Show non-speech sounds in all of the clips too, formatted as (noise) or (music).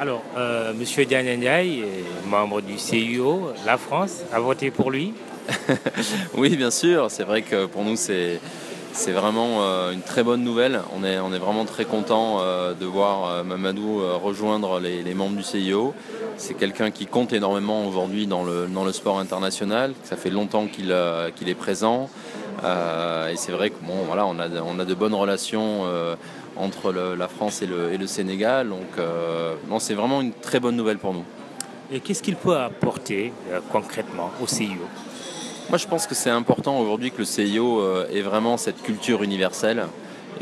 Alors, euh, Monsieur Diagne Ndiaye, euh, membre du CUO, la France a voté pour lui (laughs) Oui, bien sûr. C'est vrai que pour nous, c'est c'est vraiment euh, une très bonne nouvelle. On est, on est vraiment très content euh, de voir Mamadou rejoindre les, les membres du CIO. C'est quelqu'un qui compte énormément aujourd'hui dans le, dans le, sport international. Ça fait longtemps qu'il qu est présent. Euh, et c'est vrai que bon, voilà, on, a, on a de bonnes relations euh, entre le, la France et le, Sénégal. Euh, c'est vraiment une très bonne nouvelle pour nous. qu'est-ce qu'il peut apporter concrètement au CIO je pense que c'est important aujourd'hui que le CIO ait vraiment cette culture universelle.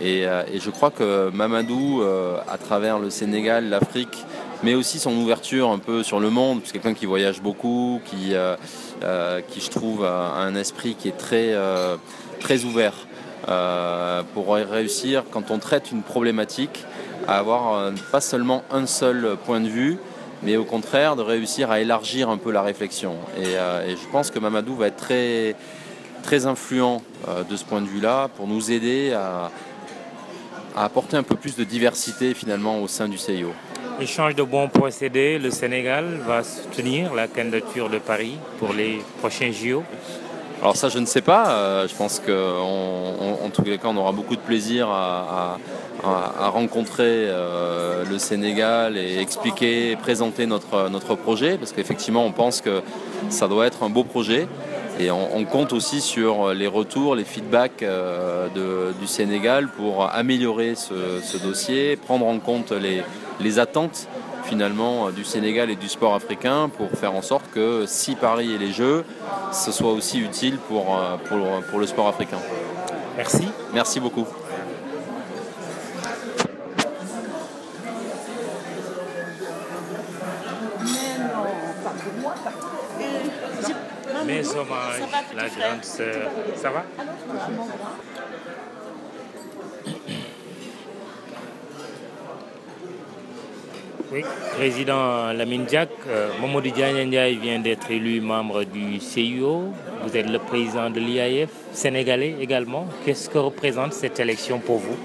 Et, je crois que Mamadou, à travers le Sénégal, l'Afrique, mais aussi son ouverture un peu sur le monde. C'est quelqu'un qui voyage beaucoup, qui, euh, euh qui je trouve a un esprit qui est très, euh, ouvert. Euh, pour réussir, quand on traite une problématique, à avoir pas seulement un seul point de vue, mais au contraire de réussir à élargir un peu la réflexion. Et, et je pense que Mamadou va être très, influent de ce point de vue pour nous aider à apporter un peu plus de diversité finalement au sein du CIO. Échange de bons procédés, le Sénégal va soutenir la candidature de Paris pour les prochains JO. Alors ça, je ne sais pas. Euh, je pense qu'en tous les cas, on aura beaucoup de plaisir à, rencontrer euh, le Sénégal et expliquer, et présenter notre, projet, parce qu'effectivement, on pense que ça doit être un beau projet. Et on, on compte aussi sur les retours, les feedbacks euh, du Sénégal pour améliorer ce, ce dossier, prendre en compte les, les attentes finalement euh, du Sénégal et du sport africain pour faire en sorte que si Paris et les Jeux, ce soit aussi utile pour, euh, le sport africain. Merci. beaucoup. Oui, président Lamine Diak, euh, Mamadou Ndiaye vient d'être élu membre du CIO. Vous êtes le président de l'IAF, sénégalais également. Qu'est-ce que représente cette élection pour vous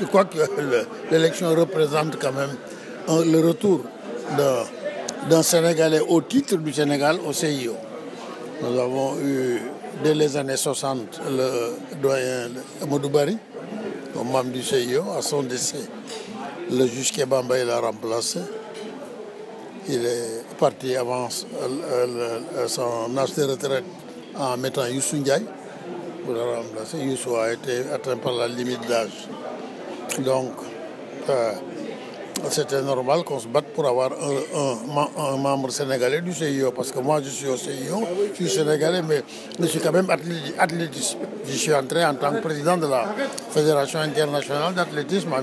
je, crois que l'élection représente quand même un, le retour d'un Sénégalais au titre du Sénégal au CIO. Nous avons eu, dès les années 60, le membre du CIO, à son décès. Le juge Kebamba l'a remplacé. Il est parti avant euh, euh, euh, son âge de retraite en mettant Youssou Ndiaye pour a été atteint par la limite d'âge. Donc, c'était normal qu'on se batte pour avoir un, un, un, membre sénégalais du CIO, parce que moi je suis au CIO, sénégalais, mais je suis quand même athlétiste. Je suis entré en tant que président de la Fédération internationale d'athlétisme en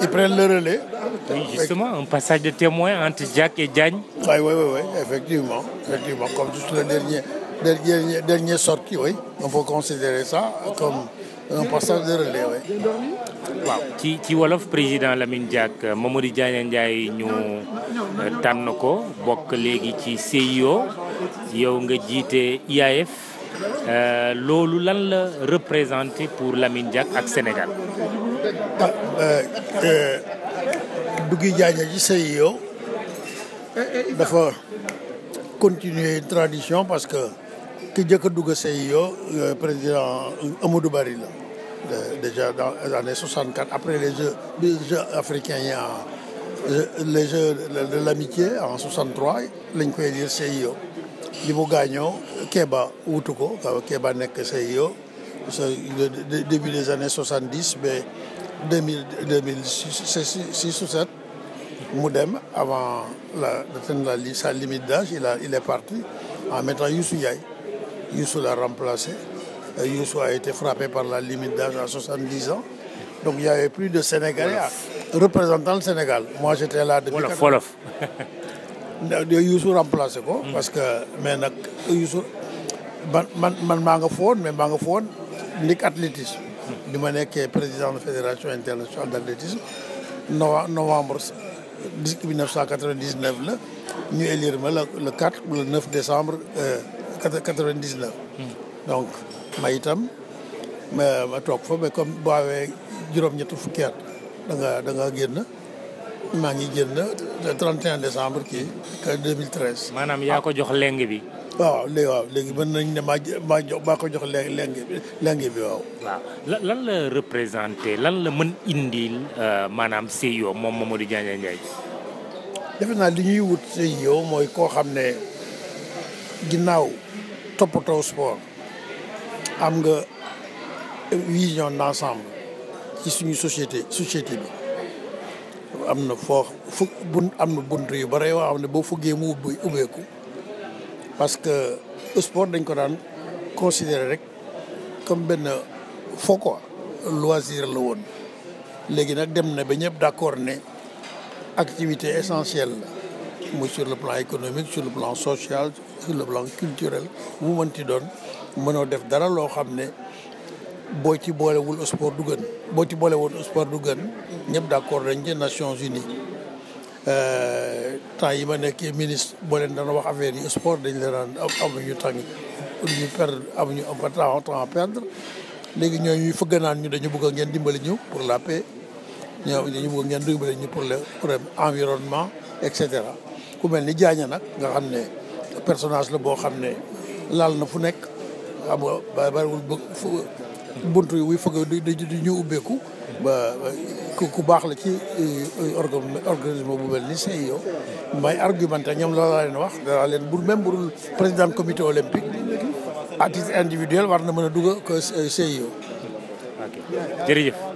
ils prennent le relais. justement, un passage de témoin entre Jacques et Diagne. Comme juste le dernier, dernier, On peut considérer ça comme un passage de relais, ci wolof président Lamine Diack euh, Mamadou Diagne Ndiaye ñu euh, tànn ko bokk léegi ci CIO yow nga jiite IAF euh, loolu lan la représenté pour Lamine Diack ak Sénégal. Eh, eh, Duggi Jaaja ci sëy dafa continuer une tradition parce que ki njëkk a dugg sëy yow euh, président Amadou Barry déjà dans les années après les jeux africains yi en les jeux de l'amitié en 63 lañ koy lire CIO li mu gaañoo Kéba wutu ko Kéba nekk CIO c'est le début des années 70 mais deux mille deux mille six ou sept mu dem avant la d'atteindre la sa limite d'âge il a il est parti en mettant Youssou Ndiaye Youssou l'a remplacé euh, Youssou a été frappé par la limite d'âge à soixante-dix ans donc il y plus de Sénégalais représentant le Sénégal moi j'étais là depuis wolof wolof Youssou remplacé ko mm. parce que mais nag Youssou man man man maa nga foon mais maa nga foon ligue athlétisme li ma nekkee président de fédération internationale d' athlétisme novembre 1999 la ñu élire ma le 4 le 9 décembre 99 euh, hmm. donc ma itam ma ma toog fa mais comme boo juróom-ñetti fukki at da nga da génn maa ngi génn le 31 décembre kii 2013. maanaam yaa ko jox leng bi. waaw léegi waaw léegi mën nañ ne maa maa jox maa ko jox leng bi waaw. waaw lan la représenté lan la mën indil euh, maanaam CIO e moom Mamadou Diagne Ndiaye. defe naa li ñuy wut CIO e mooy koo xam ne ginnaaw toppatoo sport am nga vision d'ensemble suñu société société bi. am na foo fu am na bunt yu bare yoo xam ne boo fuggee mu ubbi ubbeeku. parce que sport dañ ko daan considérer rek comme benn fo quoi loisir la woon léegi nag dem na ba ñëpp d'accord ne activité essentielle la muy sur le plan économique sur le plan social sur le plan culturel mu mënti doon mënoo def dara loo xam ne boo ci boolewul sport du gën boo ci boolewul sport du gën ñëpp d'accord dañ ci Nations Unies Euh, temps yi ma nekkee ministre boo leen daan wax affaire yi sport dañ leen daan amuñu temps ñu perdre amuñu am temps temps à perdre léegi ñooñu fëgg naan ñu dañu bëgg ngeen dimbali ñu pour la paix ñoo ñu bëgg ngeen dimbali ñu pour le problème environnement et cetera ku mel ni jaaña nag nga xam ne personnage la boo xam ne laal na fu nekk xam nga bariwul bunt yi wuy fëgg di ñu ubbeeku ba ku baax la ci euh, organisme bu mel ni CIO e may argumenté ñoom loolu laa wax danaa leen bu même burul président comité olympique à titre individuel war na mën a dugg que euh, CIO e jërëjëf